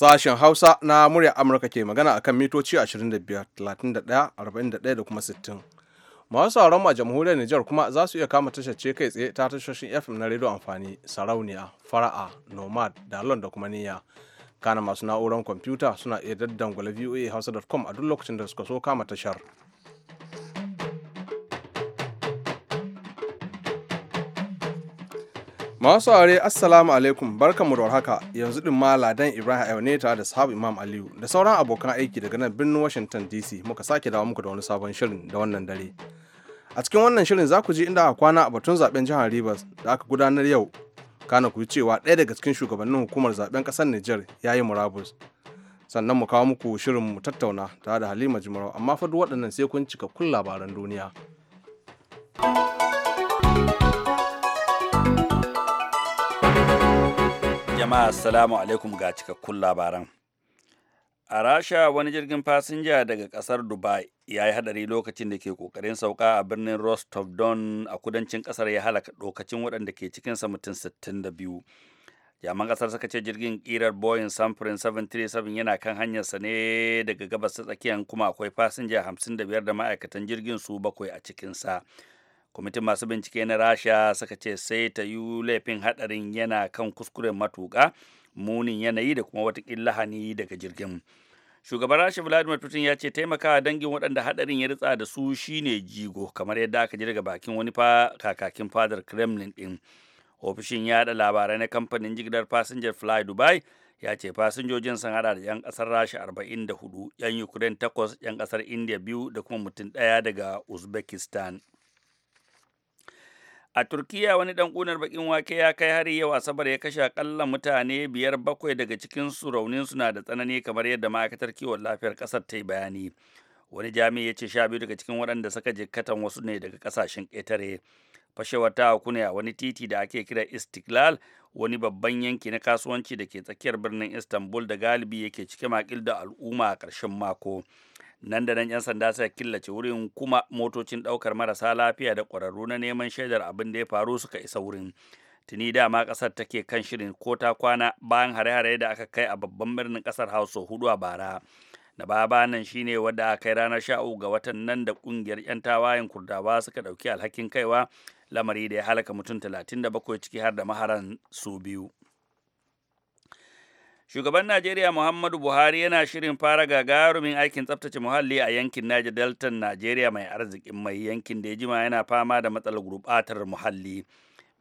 Sashen Hausa na murya Amurka ke magana a kan mitoci 25, 31, 41 da kuma 60. Masu sauran a jamhuriyar Nijar kuma za su iya kama tashar ce kai tsaye ta tashoshin FM na rediyo amfani, sarauniya, fara'a, nomad, dalon da kuma niyya. Kana masu na'urar kwamfuta suna iya daddangwala voahausa.com a duk lokacin da suka so kama tashar. Masu aure assalamu alaikum barkanmu da warhaka yanzu din ma ladan Ibrahim Ayo ne tare da sahabu Imam Aliyu da sauran abokan aiki daga nan birnin Washington DC muka sake dawo muku da wani sabon shirin da wannan dare. A cikin wannan shirin za ku ji inda aka kwana a batun zaben jihar Rivers da aka gudanar yau kana ku cewa ɗaya daga cikin shugabannin hukumar zaben kasar Nijar ya yi murabus. Sannan mu kawo muku shirin mu tattauna tare da Halima Jimarau amma fa duk waɗannan sai kun cika kun labaran duniya. jama'a assalamu alaikum ga cikakkun labaran a rasha wani jirgin fasinja daga kasar dubai ya yi hadari lokacin da ke kokarin sauka a birnin rostov don a kudancin kasar ya halaka lokacin waɗanda ke cikinsa mutum 62 jaman kasar suka ce jirgin kirar boeing samfurin 737 yana kan hanyarsa ne daga gabas ta tsakiyar kuma akwai fasinja 55 da ma'aikatan jirgin su bakwai a cikinsa. kwamitin masu bincike na rasha suka ce sai ta yi laifin hadarin yana kan kuskuren matuka munin yanayi da kuma wata lahani daga jirgin shugaban rasha vladimir putin ya ce taimakawa dangin waɗanda hadarin ya ritsa da su shine jigo kamar yadda aka ji daga bakin wani kakakin fadar kremlin din ofishin yada labarai na kamfanin jigilar fasinjar fly dubai ya ce fasinjojin sun hada da 'yan kasar rasha 44 'yan ukraine 8 'yan kasar india biyu da kuma mutum ɗaya daga uzbekistan A Turkiyya wani ɗan ƙunar bakin wake ya kai hari yau Asabar ya kashe aƙalla mutane biyar bakwai daga cikin su raunin suna da tsanani kamar yadda ma'aikatar kiwon lafiyar ƙasar ta yi bayani. Wani jami'i ya ce sha biyu daga cikin waɗanda suka jikkatan wasu ne daga ƙasashen ƙetare. Fashewar ta ne a wani titi da ake kira Istiklal wani babban yanki na kasuwanci da ke tsakiyar birnin Istanbul da galibi yake cike makil da al'umma a ƙarshen mako. nan da nan 'yan sanda suka killace wurin kuma motocin ɗaukar marasa lafiya da ƙwararru na neman shaidar abin da ya faru suka isa wurin tuni dama ƙasar take kan shirin ko ta kwana bayan hare-hare da aka kai a babban birnin ƙasar hausa hudu a bara na baba nan shine wadda a kai ranar sha ga watan nan da ƙungiyar 'yan tawayen kurdawa suka ɗauki alhakin kaiwa lamari da ya halaka mutum talatin bakwai ciki har da maharan su biyu Shugaban Najeriya Muhammadu Buhari yana shirin fara gagarumin aikin tsaftace muhalli a yankin Niger Delta Najeriya mai arzikin mai yankin da ya jima yana fama da matsalar gurbatar muhalli.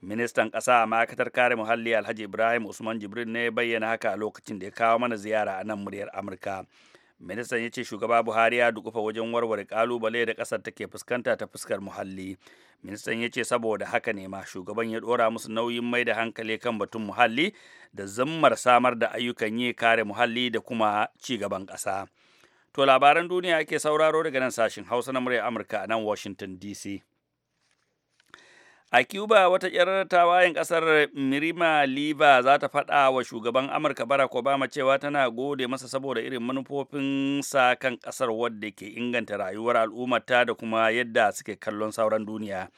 Ministan ƙasa a ma'aikatar kare muhalli Alhaji Ibrahim Usman Jibril ne bayyana haka a lokacin da ya kawo mana ziyara a nan muryar Amurka. ministan ya ce shugaba buhari ya dukufa wajen warware kalubale da kasar take fuskanta ta fuskar muhalli ministan ya ce saboda haka ne ma shugaban ya dora musu nauyin mai da hankali kan batun muhalli da zammar samar da ayyukan yi kare muhalli da kuma ci gaban ƙasa to labaran duniya ake sauraro daga nan sashin hausa na murya amurka a nan washington dc A Cuba wata ƙyar tawayen ƙasar Mirima Liva za ta faɗa wa shugaban Amurka Barack Obama cewa tana gode masa saboda irin manufofin sa kan ƙasar wadda ke inganta rayuwar al'ummata da kuma yadda suke kallon sauran duniya.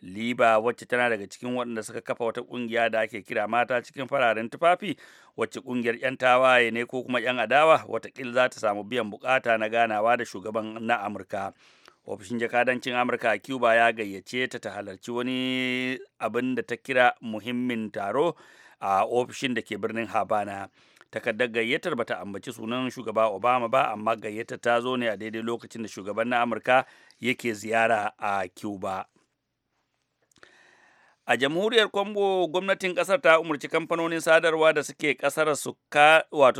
Liba wacce tana daga cikin waɗanda suka kafa wata ƙungiya da ake kira mata cikin fararen tufafi wacce ƙungiyar 'yan tawaye ne ko kuma 'yan adawa watakila za ta samu biyan bukata na ganawa da shugaban na Amurka. ofishin jakadancin amurka a cuba ya gayyace ta ta halarci wani abin da ta kira muhimmin taro a ofishin da ke birnin habana takardar gayyatar bata ambaci sunan shugaba obama ba amma gayyatar ta zo ne a daidai lokacin da shugaban na amurka yake ziyara a cuba a jamhuriyar kwambo gwamnatin kasar ta umarci kamfanonin sadarwa da suke kasar su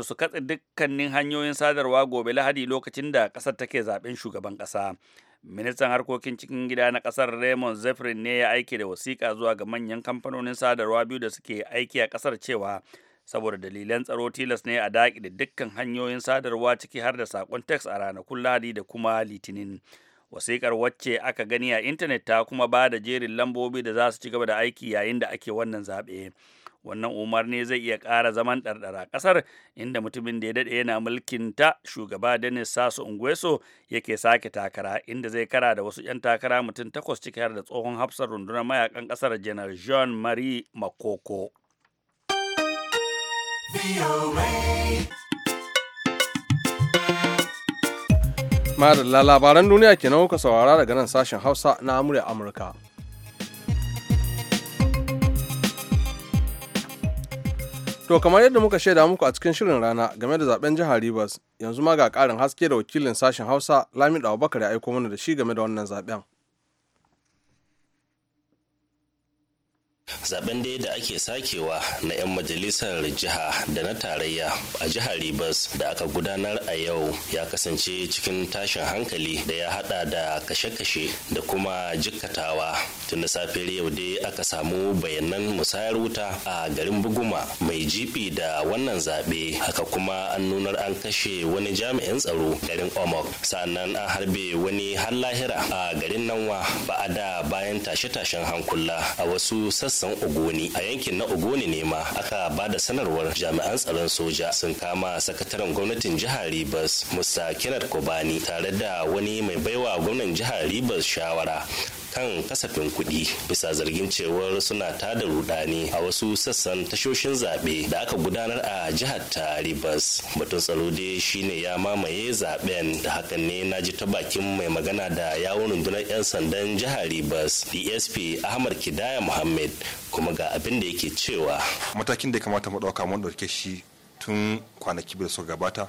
su katse dukkanin hanyoyin sadarwa gobe lahadi lokacin da kasar take zaben shugaban kasa ministan harkokin cikin gida na kasar raymond zephyrin ne ya aike da wasiƙa zuwa ga manyan kamfanonin sadarwa biyu da suke aiki a kasar cewa saboda dalilan tsaro tilas ne a daƙi da dukkan hanyoyin sadarwa ciki har da saƙon text a ranakun lahadi da kuma litinin wasiƙar wacce aka gani a intanet ta kuma ba da jerin lambobi da za su ci gaba da aiki yayin da ake wannan zaɓe wannan umarni zai iya ƙara zaman ɗarɗara ƙasar inda mutumin da ya daɗe yana mulkin ta shugaba Denis Sassou Nguesso yake sake takara inda zai kara da wasu 'yan takara mutum takwas ciki har da tsohon hafsar rundunar mayakan ƙasar janar Jean Marie Makoko. Madalla labaran duniya kenan kuka saurara daga nan sashen Hausa na Amurka. To kamar yadda muka shaida muku a cikin shirin rana game da zaben jihar Rivers yanzu ma ga karin haske da wakilin sashen Hausa Lamido Abubakar ya aiko mana da shi game da wannan zaben. zaben dai da ake sakewa na 'yan majalisar jiha da na tarayya a jihar Ribas da aka gudanar a yau ya kasance cikin tashin hankali da ya hada da kashe-kashe da kuma jikkatawa tun da safiyar yau dai aka samu bayanan musayar wuta a garin buguma mai jibi da wannan zaɓe haka kuma an nunar an kashe wani jami'in tsaro garin omok sannan an harbe wani har lahira a garin nanwa da bayan tashe-tashen hankula a wasu sassa sassan ogoni a yankin na ogoni ne ma aka ba da sanarwar jami'an tsaron soja sun kama sakataren gwamnatin jihar ribas musa kenneth kobani tare da wani mai baiwa gwamnan jihar ribas shawara kan kasafin kuɗi bisa zargin cewar suna tada rudani a wasu sassan tashoshin zaɓe da aka gudanar a jihar ta ribas Batun tsaro dai shine ya mamaye zaben da hakan ne na ji ta bakin mai magana da yawon rundunar 'yan sandan jihar ribas DSP Ahmad Kidaya Muhammad kuma ga abin da yake cewa. Matakin da ya kamata mu ɗauka mun ɗauke shi tun kwanaki bai so suka gabata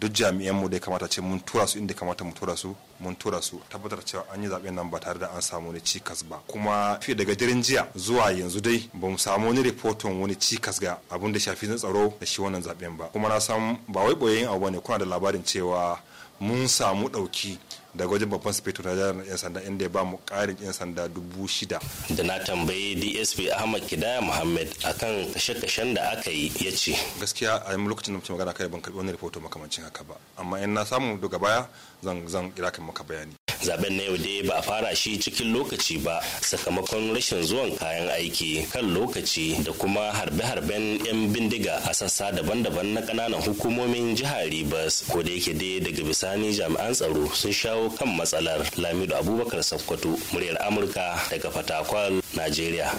duk jami'an mu da ya kamata ce mun tura su inda kamata mu tura su mun tura su tabbatar cewa an yi zaɓen nan ba tare da an samu wani cikas ba kuma fiye daga daren jiya zuwa yanzu dai ba mu samu wani rahoton wani cikas ga abin da shafi na tsaro da shi wannan zaɓen ba kuma na san ba wai boyayyin abu ne kuna da labarin cewa mun samu ɗauki daga wajen babban sufeto na jihar yan sanda inda ya ba mu karin yan sanda dubu shida. da na tambayi dsp ahmad kidaya muhammad kan kashe-kashen da aka yi ya ce. gaskiya a yi lokacin da mace magana kai ban karbi wani rahoto makamancin haka ba amma in na samu daga baya zan zan kira maka bayani. zaben na yau dai ba a fara shi cikin lokaci ba sakamakon rashin zuwan kayan aiki kan lokaci da kuma harbe-harben 'yan bindiga a sassa daban-daban na kananan hukumomin jihar Ribas ko da yake dai daga bisani jami'an tsaro sun shawo kan matsalar lamidu Abubakar Sakkwato muryar Amurka daga Fatakwal, nigeria.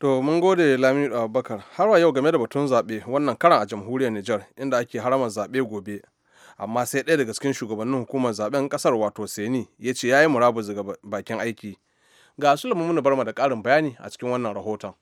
To mun gode Lamido Abubakar har yau game da batun zaɓe wannan karan a jamhuriyar Nijar inda ake haramar zaɓe gobe. amma sai ɗaya daga cikin shugabannin hukumar zaben ƙasar wato seni ya ce ya yi murabu daga bakin aiki ga bar barma da ƙarin bayani a cikin wannan rahoton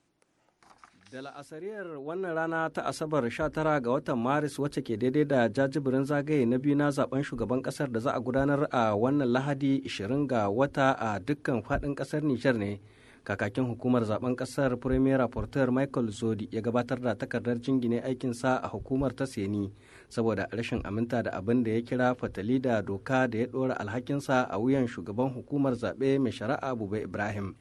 da la'asariyar wannan rana ta asabar 19 ga watan maris wacce ke daidai da jajibirin zagaye na biyu na zaben shugaban kasar da za a gudanar a wannan lahadi 20 ga wata a dukkan faɗin kasar nijar ne kakakin hukumar zaben kasar premier rapporteur michael zodi ya gabatar da takardar jingine aikinsa a hukumar ta seni saboda rashin aminta da abin da ya kira fatali da doka da ya dora alhakinsa a wuyan shugaban hukumar zaɓe mai shari'a bube ibrahim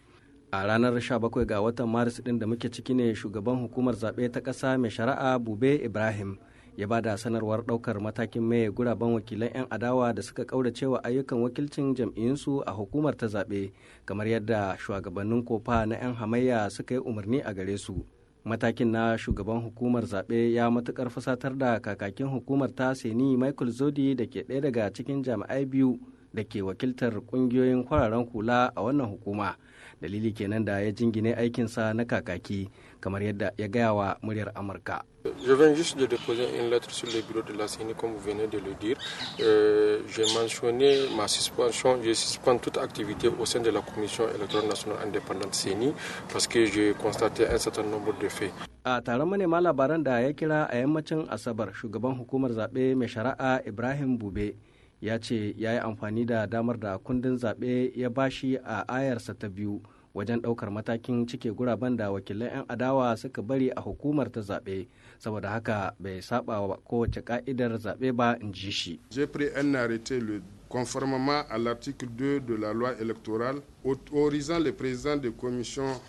a ranar 17 ga watan maris din da muke ciki ne shugaban hukumar zaɓe ta ƙasa mai shari'a bube ibrahim ya bada sanarwar daukar matakin maye guraben wakilan 'yan adawa da suka kauracewa ayyukan wakilcin jam'iyyunsu a hukumar ta zaɓe kamar yadda shugabannin kofa na 'yan hamayya suka yi umarni a gare su matakin na shugaban hukumar zaɓe ya matukar fusatar da kakakin hukumar ta seni michael zodi da ke ɗaya daga cikin jami'ai biyu da ke wakiltar ƙungiyoyin kwararen hula a wannan hukuma dalili kenan da ya jingine aikinsa na kakaki kamar yadda ya gaya wa muryar amurka Je viens juste de déposer une lettre sur le bureau de la CENI, comme vous venez de le dire. Euh, J'ai mentionné ma suspension. Je suspends toute activité au sein de la Commission électorale nationale indépendante CENI parce que j'ai constaté un certain nombre de faits. A taron manema labaran da ya kira a yammacin Asabar, shugaban hukumar zaɓe mai shari'a Ibrahim Bube ya ce ya yi amfani da damar da kundin zaɓe ya bashi a ayarsa ta biyu. wajen ɗaukar matakin cike guraben da wakilan 'yan adawa suka bari a hukumar ta zaɓe saboda haka bai saba wa kowace ka'idar zaɓe ba in ji shi. J'ai pris un arrêté le conformément à l'article 2 de la loi électorale autorisant le président de commission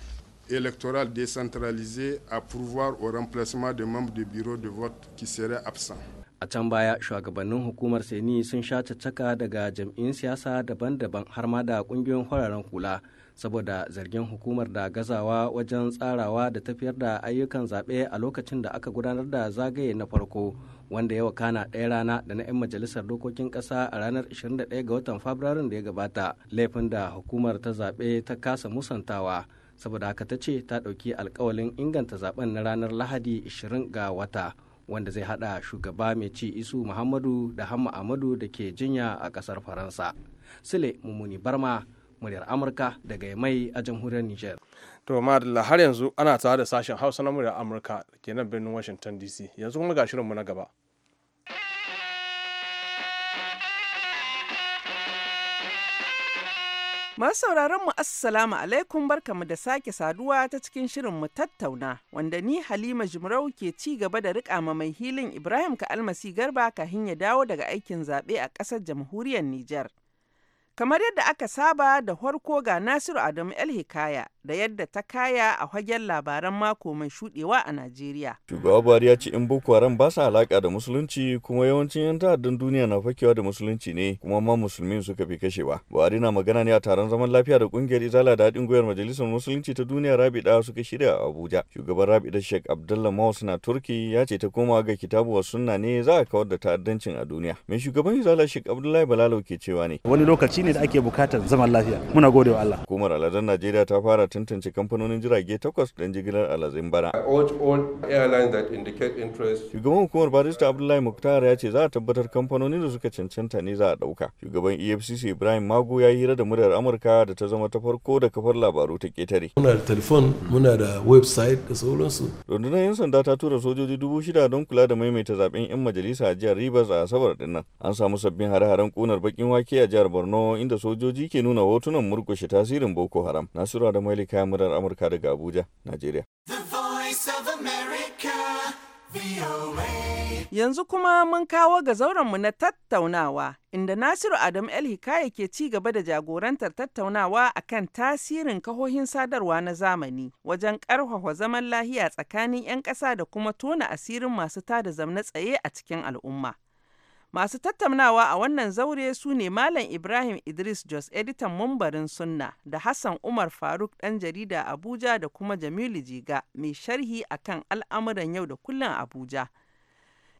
électorale décentralisée à pourvoir au remplacement des membres du bureau de vote qui seraient absents. A can baya shugabannin hukumar Seni sun sha caccaka daga jam'in siyasa daban-daban har ma da kungiyoyin fararen kula saboda zargin hukumar da gazawa wajen tsarawa da tafiyar da ayyukan zaɓe a lokacin da aka gudanar da zagaye na farko wanda ya wakana ɗaya rana da na 'yan majalisar dokokin ƙasa a ranar 21 ga watan fabrairun da ya gabata laifin da hukumar ta zaɓe ta kasa musantawa saboda haka ta ce ta ɗauki alkawalin inganta zaɓen na ranar lahadi 20 ga wata wanda zai haɗa shugaba mai ci isu muhammadu da hamma amadu da ke jinya a ƙasar faransa sile mummuni barma muryar amurka daga mai a jamhuriyar niger to madalla har yanzu ana tare da sashen hausa na muryar amurka ke nan birnin washington dc yanzu kuma ga shirinmu na gaba Masu sauraron mu assalamu alaikum barkamu da sake saduwa ta cikin shirin mu tattauna wanda ni Halima Jumrau ke ci gaba da rika ma mai hilin Ibrahim ka almasi Garba ka ya dawo daga aikin zabe a ƙasar jamhuriyar Nijar. Kamar yadda aka saba da farko ga Nasiru Adamu El Hikaya da yadda ta kaya a fagen labaran mako mai shudewa a Najeriya. Shugaba Buhari ya ce in Boko Haram ba sa alaka da musulunci kuma yawancin yan ta'addan duniya na fakewa da musulunci ne kuma ma musulmin suka fi kashewa. Buhari na magana ne a taron zaman lafiya da kungiyar Izala da haɗin gwiwar Majalisar Musulunci ta duniya Rabida suka shirya a Abuja. Shugaban Rabida Sheikh Abdullah Maus na Turki ya ce ta koma ga kitabu wa sunna ne za a kawar da ta'addancin a duniya. Mai shugaban Izala Sheikh Abdullahi Balalau ke cewa ne. Wani lokaci shine da ake bukatar zaman lafiya muna gode wa Allah hukumar aladen Najeriya ta fara tantance kamfanonin jirage takwas don jigilar alazin bara shugaban hukumar barista Abdullahi Muktar ya ce za a tabbatar kamfanonin da suka cancanta ne za a dauka shugaban EFCC Ibrahim Mago ya hira da muryar Amurka da ta zama ta farko da kafar labaru ta ketare muna da telefon muna da website da sauransu rundunar yan sanda ta tura sojoji dubu shida don kula da maimaita zaben yan majalisa a jihar Rivers a asabar dinnan an samu sabbin hare-haren kunar bakin wake a jihar Borno kuma inda sojoji ke nuna hotunan murkushe tasirin Boko Haram. Nasura da Mailika murar Amurka daga Abuja, Najeriya. Yanzu kuma mun kawo ga zauranmu na tattaunawa inda Nasiru Adam El Hikaya ke ci gaba da jagorantar tattaunawa akan tasirin kahohin sadarwa na zamani wajen karfafa zaman lahiya tsakanin 'yan ƙasa da kuma tona asirin masu tada zamna tsaye a cikin al'umma. Masu tattaunawa a wannan zaure su ne Malam Ibrahim Idris Jos editan mumbarin sunna da Hassan Umar Faruk ɗan jarida Abuja da kuma Jamilu Jiga mai sharhi a kan al'amuran yau da kullum Abuja.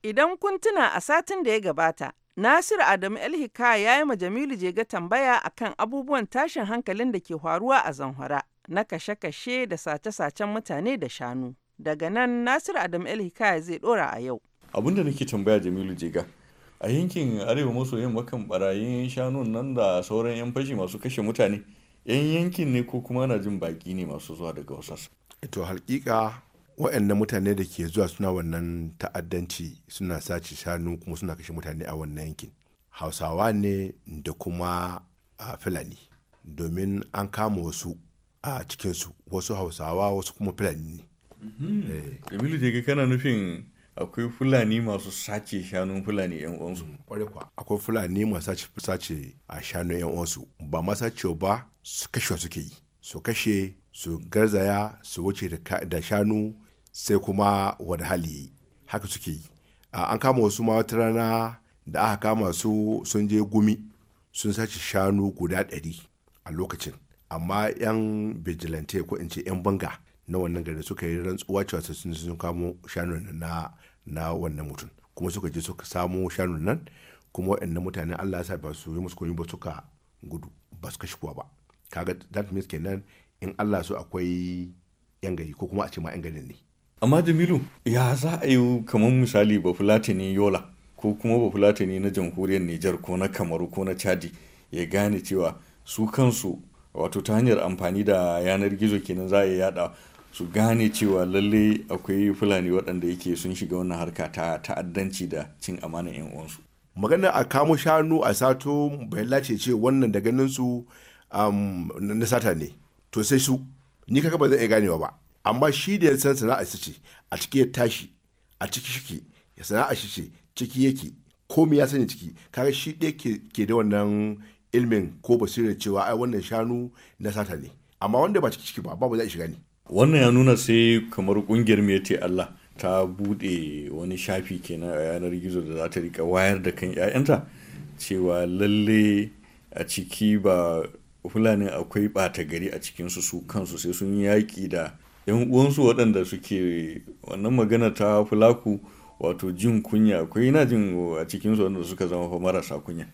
Idan kun tuna a satin da ya gabata, Nasiru Adamu Elhika ya yi ma Jamilu Jiga tambaya akan abubuwan tashin hankalin da ke faruwa a zanhara na kashe-kashe da sace-sacen mutane da shanu. Daga nan nasir Adamu Elhika zai ɗora a yau. Abin da nake tambaya Jamilu Jiga, a yankin arewa maso yamma kan barayin shanun nan da sauran 'yan fashi masu kashe mutane 'yan yankin ne ko kuma na jin baki ne masu zuwa daga wasansu to hakika waɗannan mutane da ke zuwa suna wannan ta'addanci suna sace shanu kuma suna kashe mutane a wannan yankin hausawa ne da kuma a fulani domin an kama wasu a cikinsu wasu hausawa wasu kuma fulani ne. Mhm. Eh. Jamilu daga kana nufin akwai fulani masu sace shanun fulani yan uwansu kwarai mm, kwa akwai fulani masu sace a shanun yan uwansu ba ma sacewa ba su kashe suke yi su kashe su garzaya su wuce da shanu sai kuma wani hali haka suke yi an kama wasu ma wata rana da aka kama su sun je gumi sun sace shanu guda ɗari a lokacin amma 'yan vigilante ko in ce 'yan banga na wannan gari suka yi rantsuwa cewa sun kamo shanun na na wannan mutum kuma suka je suka samo shanun nan kuma waɗannan mutane Allah ya sa ba su yi musu komai ba suka gudu ba su shigo ba kaga that means kenan in Allah so akwai yan gari ko kuma a ce ma yan garin ne amma Jamilu ya za a yi kamar misali ba fulatani Yola ko kuma ba fulatani na jamhuriyar Nijar ko na Kamaru ko na Chadi ya gane cewa su kansu wato ta hanyar amfani da yanar gizo kenan za a yi yada su gane cewa lalle akwai fulani waɗanda yake sun shiga wannan harka ta ta'addanci da cin amanar 'yan uwansu magana a kamo shanu a sato bai lace ce wannan da ganin su na sata ne to sai su ni kaka ba zan iya ganewa ba amma shi da ya san sana'a ce a ciki ya tashi a ciki shi ya sana'a shi ce ciki yake komai ya sani ciki kaga shi ɗaya ke da wannan ilmin ko basirar cewa ai wannan shanu na sata ne amma wanda ba ciki ciki ba babu zai shiga ne wannan ya nuna sai kamar kungiyar mete Allah ta bude wani shafi kenan a yanar gizo da za ta rika wayar da kan 'ya'yanta cewa lalle a ciki ba fulani akwai bata gari a cikinsu su kansu sai sun yaƙi da 'yan uwansu waɗanda suke wannan magana ta fulaku wato jin kunya akwai na jin a cikinsu waɗanda suka zama fa marasa kunya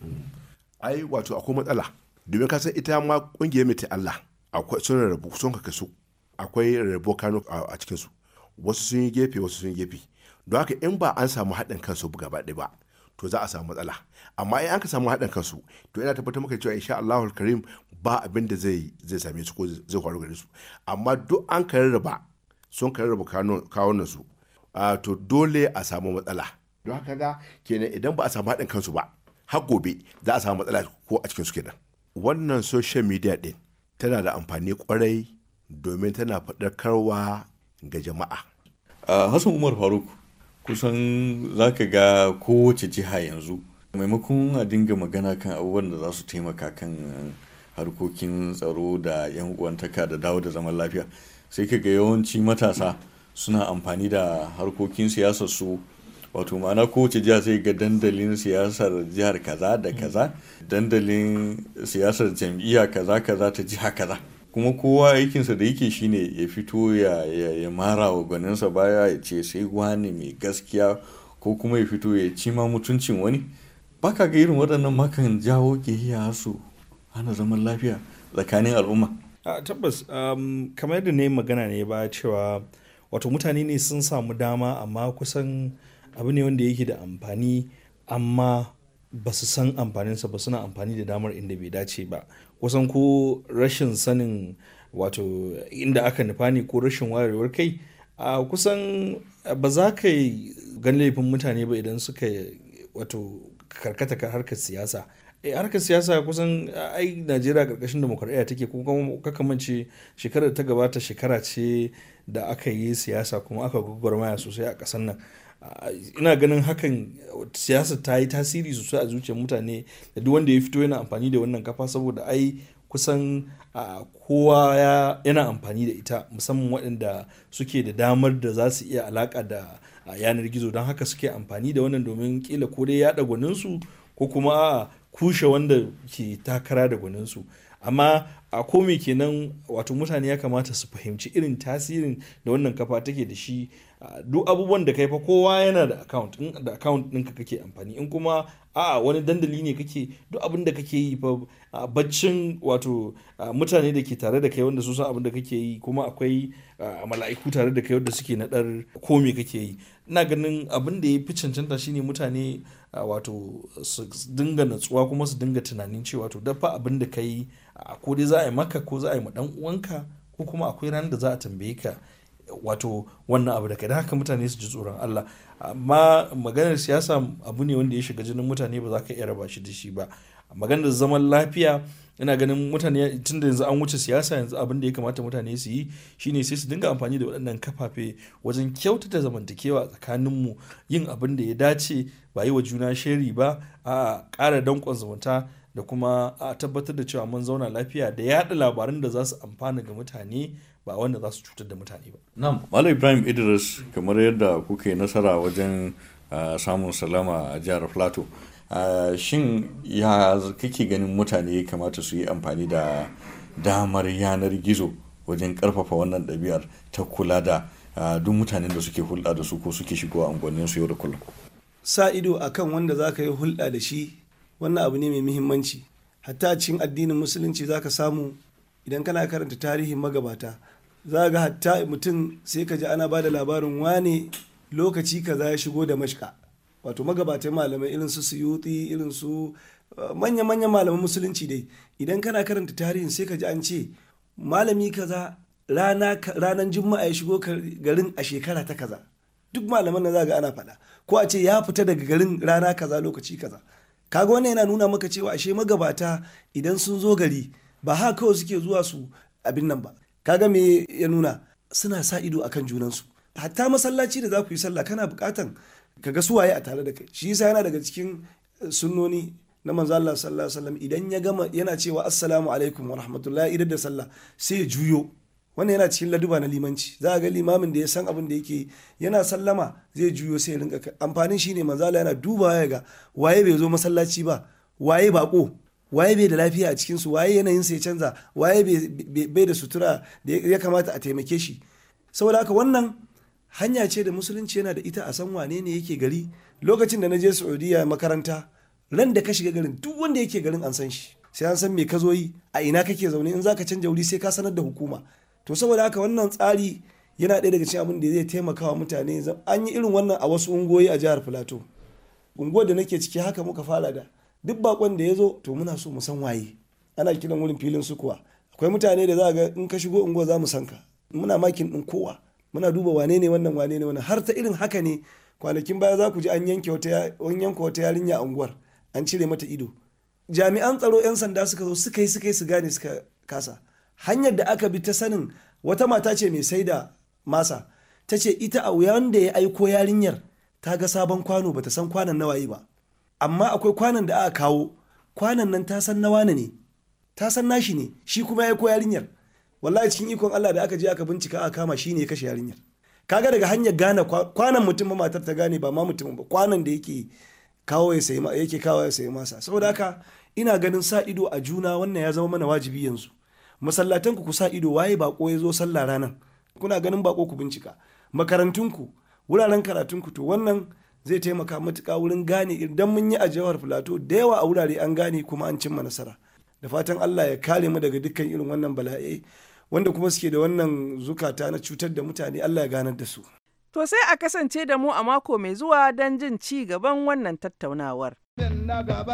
ai wato akwai matsala domin ka san ita ma ƙungiyar mai Allah akwai sun rabu sun kakasu akwai rarrabuwar kano a cikinsu wasu sun yi gefe wasu sun yi gefe don haka in ba an samu haɗin kansu gaba ɗaya ba to za a samu matsala amma in an ka samu haɗin kansu to ina tabbatar maka cewa insha Allahu karim ba abin da zai zai same su ko zai faru gare su amma duk an ka rarraba sun ka rarraba kawunan su to dole a samu matsala don haka da kenan idan ba a samu haɗin kansu ba har gobe za a samu matsala ko a cikin su kenan wannan social media ɗin tana da amfani kwarai domin tana faɗakarwa ga jama'a. Hassan Umar Faruk kusan za ka ga kowace jiha yanzu maimakon a dinga magana kan abubuwan da za su taimaka kan eh, harkokin tsaro da 'yan uwantaka da dawo da zaman lafiya sai ka ga yawanci matasa suna amfani da harkokin siyasar su wato ma'ana kowace jiha sai ga dandalin siyasar jihar kaza da kaza dandalin siyasar jam'iyya kaza kaza ta jiha kaza kuma kowa aikinsa da yake shine ya fito ya ya mara wa gwaninsa baya ya ce sai wani mai gaskiya ko kuma ya fito ya ci ma mutuncin wani baka ga irin waɗannan makan jawo ƙiyayya su hana zaman lafiya tsakanin al'umma a tabbas um, kamar yadda na yi magana ne ba cewa wato mutane ne sun samu dama amma kusan abu ne wanda yake da amfani amma ba su san amfaninsa ba suna amfani da damar inda bai dace ba kusan ko rashin sanin wato inda aka nufa ne ko rashin wayewar kai a kusan ba za ka yi gan laifin mutane ba idan suka wato karkata kan harkar siyasa e, harkar siyasa kusan ai najeriya karkashin demokradiyya take kuma kakamance shekarar ta gabata shekara ce da aka yi siyasa kuma aka gwagwarmaya sosai a ƙasar nan ina ganin hakan siyasa ta yi tasiri sosai a zuciyar mutane da duk wanda ya fito yana amfani da wannan kafa saboda ai kusan kowa yana amfani da ita musamman waɗanda suke da damar da za su iya alaka da yanar gizo don haka suke amfani da wannan domin kila ko dai yaɗa gwaninsu ko kuma kushe wanda ke takara da gwaninsu amma a kome kenan wato mutane ya kamata su fahimci irin tasirin da wannan kafa take da shi duk abubuwan da kai fa kowa yana da account in da account ɗinka kake amfani in kuma a wani dandali ne kake duk abin da kake yi fa baccin wato mutane da ke tare da kai wanda su san abin da kake yi kuma akwai mala'iku tare da kai wanda suke naɗar ko me kake yi ina ganin abin da ya fi cancanta shine mutane wato su dinga natsuwa kuma su dinga tunanin cewa to dafa abin da kai ko dai za a yi maka ko za a yi ma dan uwanka ko kuma akwai ranar da za a tambaye ka wato wannan abu da kai haka mutane su ji tsoron Allah amma maganar siyasa abu ne wanda ya shiga jinin mutane ba za ka iya raba shi da shi ba maganar zaman lafiya ina ganin mutane tun da yanzu an wuce siyasa yanzu abin da ya kamata mutane su yi shine sai su dinga amfani da waɗannan kafafe wajen kyautata zamantakewa tsakanin mu yin abin da ya dace ba yi wa juna sheri ba a ƙara danƙon zumunta da kuma a tabbatar da cewa mun zauna lafiya da yaɗa labaran da za su amfana ga mutane ba wanda za su cutar da mutane ba. Nam, Malam Ibrahim Idris kamar yadda kuke nasara wajen ah, samun salama a jihar Plateau. Ah, shin ya kake ganin mutane kamata su yi amfani da damar yanar gizo wajen karfafa wannan ɗabi'ar ta kula da ah, duk mutanen da suke hulɗa da su ko suke shigowa unguwannin su yau da kullum. Sa ido akan wanda za ka yi hulɗa da shi wannan abu ne mai muhimmanci. Hatta cikin addinin musulunci za ka samu idan kana karanta tarihin magabata za ga hatta mutum sai ka ji ana ba da labarin wane lokaci kaza ya shigo da mashka wato magabatan malamai irin su suyuti irin su eh, manya-manyan malaman musulunci dai idan kana karanta tarihin sai ka ji an ce malami kaza ranar juma'a ya shigo garin a shekara ta kaza duk malaman na za ga ana faɗa ko a ce ya fita daga garin rana kaza lokaci kaza kaga wannan yana nuna maka cewa ashe magabata idan sun zo gari ba ha kawai suke zuwa su abin nan ba kaga me ya nuna suna sa ido akan junansu hatta masallaci da za ku yi sallah kana bukatan ka ga su waye a tare da kai shi yasa yana daga cikin eh, sunnoni na manzo Allah sallallahu alaihi wasallam idan ya gama yana cewa assalamu alaikum wa rahmatullahi idan da sallah sai ya juyo wannan yana cikin laduba na limanci za a ga limamin da ya san abin da yake yana sallama zai juyo sai ya rinka amfanin shine manzo Allah yana dubawa ya ga waye bai zo masallaci ba waye bako waye bai da lafiya a cikin su waye yanayin ya canza waye bai da sutura da ya kamata a taimake shi saboda haka wannan hanya ce da musulunci yana da ita a san wane ne yake gari lokacin da na je saudiya makaranta ran da ka shiga garin duk wanda yake garin an san shi sai an san me ka zo yi a ina kake zaune in zaka canja wuri sai ka sanar da hukuma to saboda haka wannan tsari yana ɗaya daga cikin abin da zai taimaka wa mutane an yi irin wannan a wasu ungoyi a jihar plateau unguwar da nake ciki haka muka fara da duk bakon da ya zo to muna so mu san waye ana kiran wurin filin su kuwa akwai mutane da za ga in ka shigo unguwa za mu san ka muna makin din kowa muna duba wane ne wannan wane ne wannan har ta irin haka ne kwanakin baya za ku ji an yanke wata yanka wata yarinya a unguwar an cire mata ido jami'an tsaro 'yan sanda suka zo suka yi suka yi su gane suka kasa hanyar da aka bi ta sanin wata mata ce mai sai da masa ta ce ita a wuyan da ya aiko yarinyar ta ga sabon kwano bata san kwanan waye ba amma akwai kwanan da aka kawo kwanan nan ta san nawa ne ta san nashi ne shi kuma ya ko yarinyar wallahi cikin ikon Allah da aka je aka bincika aka kama shi ne ya kashe yarinyar kaga daga hanyar gane kwanan mutum ba matar ta gane ba ma mutum ba kwanan da yake kawo ya sayi yake kawo ya sayi masa saboda haka ina ganin sa ido a juna wannan ya zama mana wajibi yanzu masallatan ku sa ido waye bako ya zo sallah ranan kuna ganin bako ku bincika makarantun ku wuraren karatun ku to wannan zai taimaka matuka wurin gane idan mun yi a jihar filato da yawa a wurare an gane kuma an cimma nasara da fatan allah ya kare mu daga dukkan irin wannan bala'i wanda kuma suke da wannan zukata na cutar da mutane allah ya ganar da su to sai a kasance da mu a mako mai zuwa don jin ci gaban wannan tattaunawar na da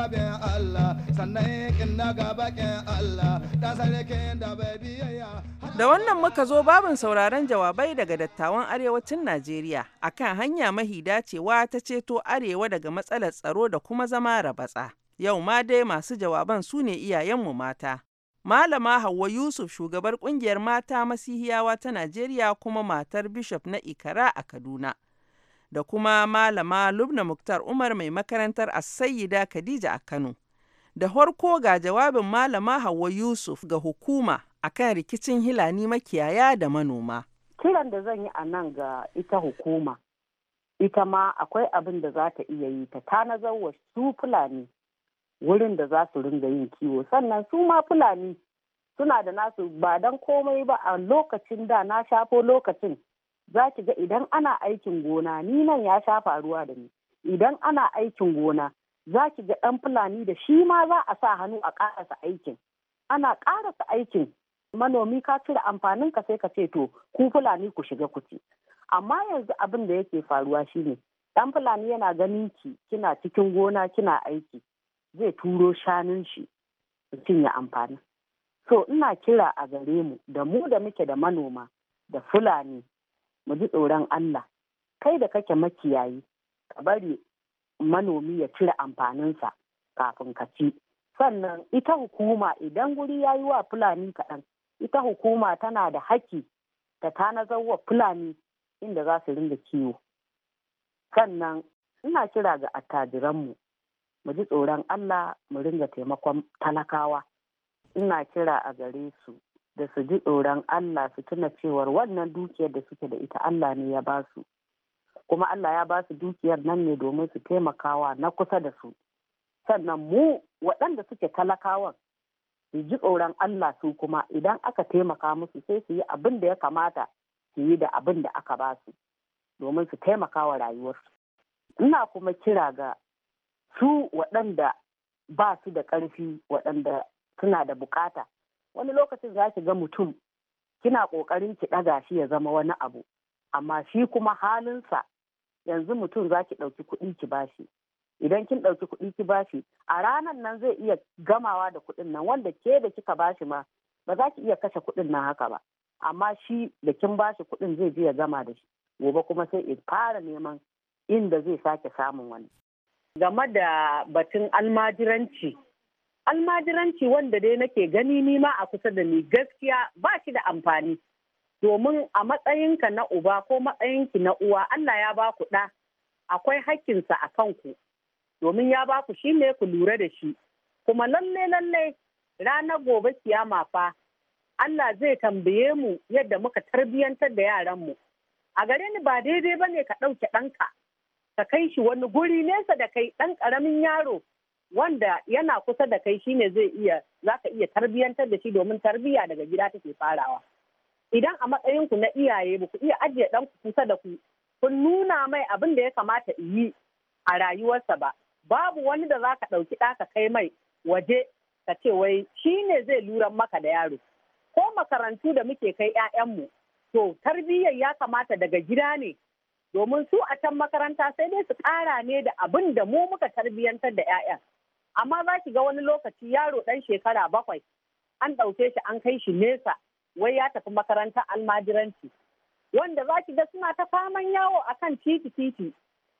wannan muka zo babin sauraron jawabai daga dattawan arewacin Najeriya akan hanya mahi dacewa ta ceto arewa daga matsalar tsaro da kuma zama rabatsa yau ma dai masu jawaban su ne iyayenmu mata Malama Hauwa Yusuf shugabar kungiyar mata masihiyawa ta Najeriya kuma matar Bishop na Ikara a Kaduna. da kuma malama Lubna Muktar Umar mai makarantar Asayida Khadija a Kano. Da harko ga jawabin malama Hauwa Yusuf ga hukuma a kan rikicin Hilani makiyaya da manoma. Kiran da zan yi a nan ga ita hukuma, ita ma akwai abin da za ta iya yi ta tanazar wa su Fulani wurin da za su ringa yin kiwo. Sannan su ma Fulani suna da nasu ba don komai ba a lokacin da na shafo lokacin za ki ga idan ana aikin gona ni nan ya sha faruwa da ni idan ana aikin gona za ki ga ɗan fulani da shi ma za a sa hannu a ƙarasa aikin ana ƙarasa aikin manomi ka cire amfanin ka sai ka ce to ku fulani ku shiga ku amma yanzu abin da yake faruwa shine ɗan fulani yana ganin ki kina cikin gona kina aiki zai turo shanun shi cinye amfani. so ina kira a gare mu da mu da muke da manoma da fulani mu ji tsoron Allah kai da kake makiyayi ka bari manomi ya cire amfaninsa kafin ka ci sannan ita hukuma idan guri ya yi wa fulani kaɗan ita hukuma tana da haƙƙi ta tana zauwa fulani inda za su ringa kiwo sannan ina kira ga attajiranmu mu ji tsoron Allah mu ringa taimakon talakawa ina kira a gare su da su ji tsoron Allah su tuna cewar wannan dukiyar da suke da ita Allah ne ya ba su kuma Allah ya ba su dukiyar nan ne domin su taimakawa na kusa da su sannan mu waɗanda suke talakawan su ji tsoron Allah su kuma idan aka taimaka musu sai su yi abin da ya kamata su yi da abin da aka ba su domin su taimakawa rayuwarsu ina kuma kira ga su waɗanda ba su da ƙarfi waɗanda suna da bukata wani lokacin za ki ga mutum kina ƙoƙarin ki ɗaga shi ya zama wani abu amma shi kuma halinsa yanzu mutum za ki ɗauki kuɗi ki bashi idan kin ɗauki kuɗi ki bashi a ranar nan zai iya gamawa da kuɗin nan wanda ke da kika bashi ma ba za ki iya kashe kuɗin nan haka ba amma shi da kin bashi kuɗin zai je ya gama da shi gobe kuma sai in fara neman inda zai sake samun wani game da batun almajiranci almajiranci wanda dai nake gani nima a kusa da ni gaskiya ba shi da amfani domin a matsayinka na uba ko matsayinki na uwa Allah ya ba ku ɗa akwai hakkinsa a kanku domin ya ba ku shi ne ku lura da shi kuma lalle lalle ranar gobe kiyama fa Allah zai tambaye mu yadda muka tarbiyyantar da yaranmu a gare ni ba daidai ba ne ka ɗauke ɗanka ka kai shi wani guri nesa da kai ɗan ƙaramin yaro wanda yana kusa da kai shine zai iya za ka iya tarbiyantar da shi domin tarbiyya daga gida take farawa idan a matsayinku na iyaye ba ku iya ajiye ɗan kusa da ku kun nuna mai abin da ya kamata in yi a rayuwarsa ba babu wani da za ka ɗauki ɗaka kai mai waje ka ce wai shi zai luran maka da yaro ko makarantu da muke kai 'ya'yanmu to tarbiyyar ya kamata daga gida ne domin su a can makaranta sai dai su ƙara ne da abin da mu muka tarbiyantar da 'ya'yan amma za ki ga wani lokaci yaro ɗan shekara bakwai an ɗauke shi an kai shi nesa wai ya tafi makaranta almajiranci wanda za ki ga suna ta faman yawo a kan titi titi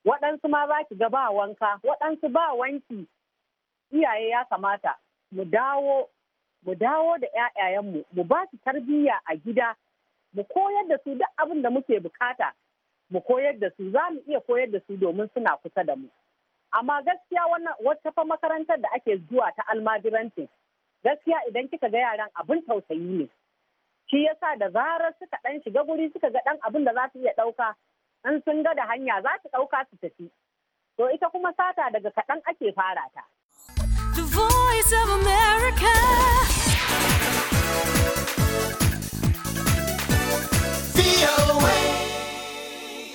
waɗansu ma za ki ga ba wanka waɗansu ba wanki iyaye ya kamata mu dawo mu dawo da 'ya'yayenmu mu ba su tarbiyya a gida mu koyar da su duk abin da muke bukata mu koyar da su za mu iya koyar da su domin suna kusa da mu amma gaskiya wannan wata fa makarantar da ake zuwa ta almajiranci gaskiya idan kika ga yaran abin tausayi ne shi yasa da zarar suka dan shiga guri suka ga ɗan abin da za su iya ɗauka in sun ga da hanya za su dauka su tafi to ita kuma sata daga kaɗan ake fara ta The Voice of America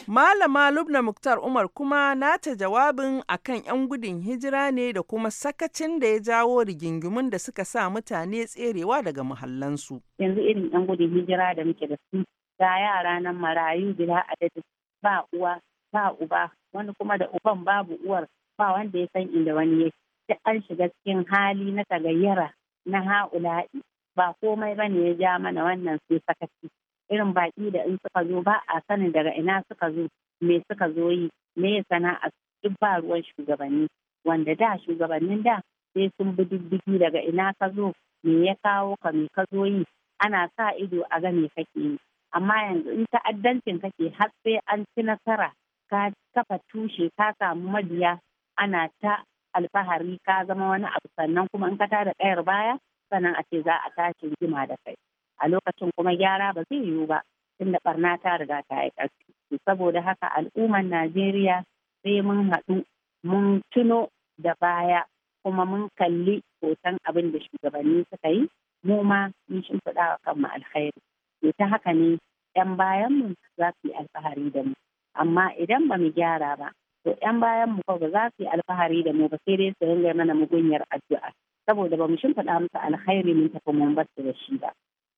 Malama Lubna Muktar Umar kuma nata jawabin akan 'yan gudun hijira ne da kuma sakacin da ya jawo rigingimun da suka sa mutane tserewa daga muhallansu. Yanzu irin 'yan gudun hijira da muke da su ga yara nan marayu bila adadin ba uwa ba uba wani kuma da uban babu uwar ba wanda ya san inda wani ya Da an shiga cikin hali na tagayyara na ha'ula'i ba komai bane ya ja mana wannan sai sakaci. irin baƙi da in suka zo ba a sanin daga ina suka zo me suka zo yi me ya sana'a duk ba ruwan shugabanni wanda da shugabannin da sai sun bi diddigi daga ina ka zo me ya kawo ka me ka zo yi ana sa ido a ga me kake yi amma yanzu in ta'addancin kake har sai an ci nasara ka kafa tushe ka samu mabiya ana ta alfahari ka zama wani abu sannan kuma in ka tada kayar baya sannan a ce za a tashi jima da kai a lokacin kuma gyara ba zai yiwu ba tunda barna ta riga ta yi ƙarfi saboda haka al'ummar najeriya sai mun haɗu mun tuno da baya kuma mun kalli hoton abin da shugabanni suka yi mu ma mun shimfiɗa wa kanmu alkhairi to ta haka ne 'yan bayanmu za su yi alfahari da mu amma idan ba mu gyara ba to 'yan bayanmu mu ba za su yi alfahari da mu ba sai dai su ringa mana mugunyar addu'a saboda ba mu shimfiɗa musu alkhairi mun tafi mun su da shi ba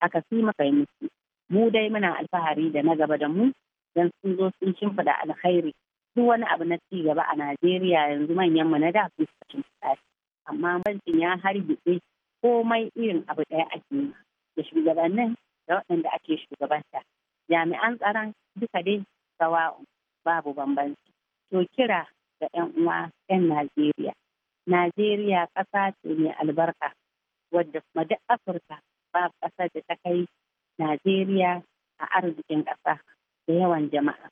haka su muka mu dai muna alfahari da na gaba da mu don sun zo sun shimfiɗa alkhairi duk wani abu na ci gaba a Najeriya yanzu manyan mu na da su shimfiɗa amma bankin ya hargitse komai irin abu ɗaya ake yi da shugabannin da waɗanda ake shugabanta jami'an tsaron duka dai sawa'u babu bambanci to kira ga 'yan uwa 'yan Najeriya Najeriya ƙasa ce mai albarka wadda kuma duk Afirka babbar ƙasar da ta kai Najeriya a arzikin ƙasa da yawan jama'a.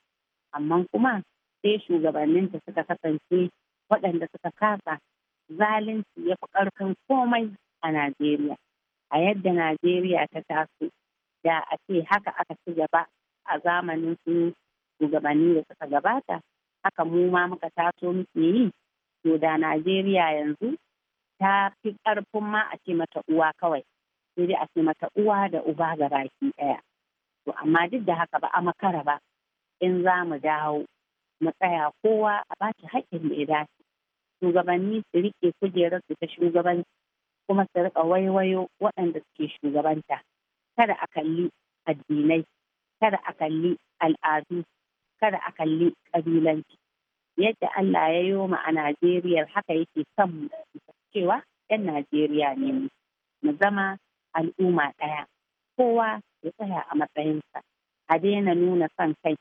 Amma kuma sai shugabannin da suka kasance waɗanda suka kasa zalunci ya fi ƙarfin komai a Najeriya. A yadda Najeriya ta taso da a ce haka aka ci gaba a zamanin su shugabanni da suka gabata, haka mu ma muka taso muke yi. To da Najeriya yanzu ta fi ƙarfin ma a ce mata uwa kawai. sai dai a ce mata uwa da uba ga baki ɗaya. To amma duk da haka ba a makara ba in za mu dawo mu tsaya kowa a bashi haƙƙin da ya dace. Shugabanni su riƙe kujerar su ta shugabanci kuma su riƙa waiwayo waɗanda suke shugabanta. Kada a kalli addinai, kada a kalli al'adu, kada a kalli ƙabilanci. Yadda Allah ya yi mu a Najeriya haka yake son mu cewa 'yan Najeriya ne mu. Mu zama al'umma ɗaya kowa ya tsaya a matsayinsa a daina nuna son kai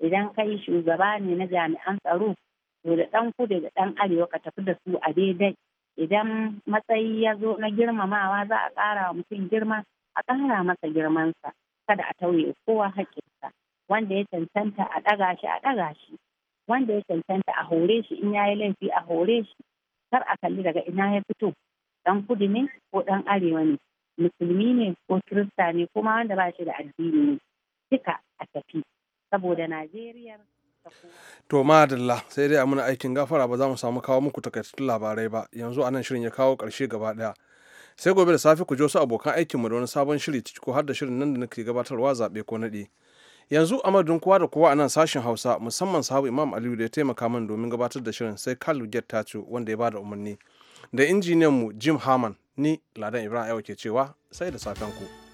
idan kai shugaba ne na jami'an tsaro to da ɗan kudu da ɗan arewa ka tafi da su a daidai idan matsayi ya zo na girmamawa za a ƙara wa mutum girma a ƙara masa girmansa kada a tauye kowa haƙƙinsa wanda ya cancanta a ɗaga shi a ɗaga shi wanda ya cancanta a hore shi in ya yi laifi a hore shi kar a kalli daga ina ya fito ɗan kudu ne ko ɗan arewa ne musulmi ne ko kirista ne kuma wanda ba shi da addini ne duka a tafi saboda najeriya To madalla sai dai a muna aikin gafara ba za mu samu kawo muku takaitattun labarai ba yanzu anan shirin ya kawo karshe gaba ɗaya. Sai gobe da safi ku ji wasu abokan aikinmu da wani sabon shiri ciko har da shirin nan da nake gabatarwa zaɓe ko naɗe. Yanzu a madadin kowa da kowa a nan sashen Hausa musamman sahabu Imam Aliyu da ya taimaka min domin gabatar da shirin sai Kalu Get Tacho wanda ya bada umarni. Da injiniyanmu Jim Haman ni ladan ibrahim aiwa ke cewa sai da safen ku.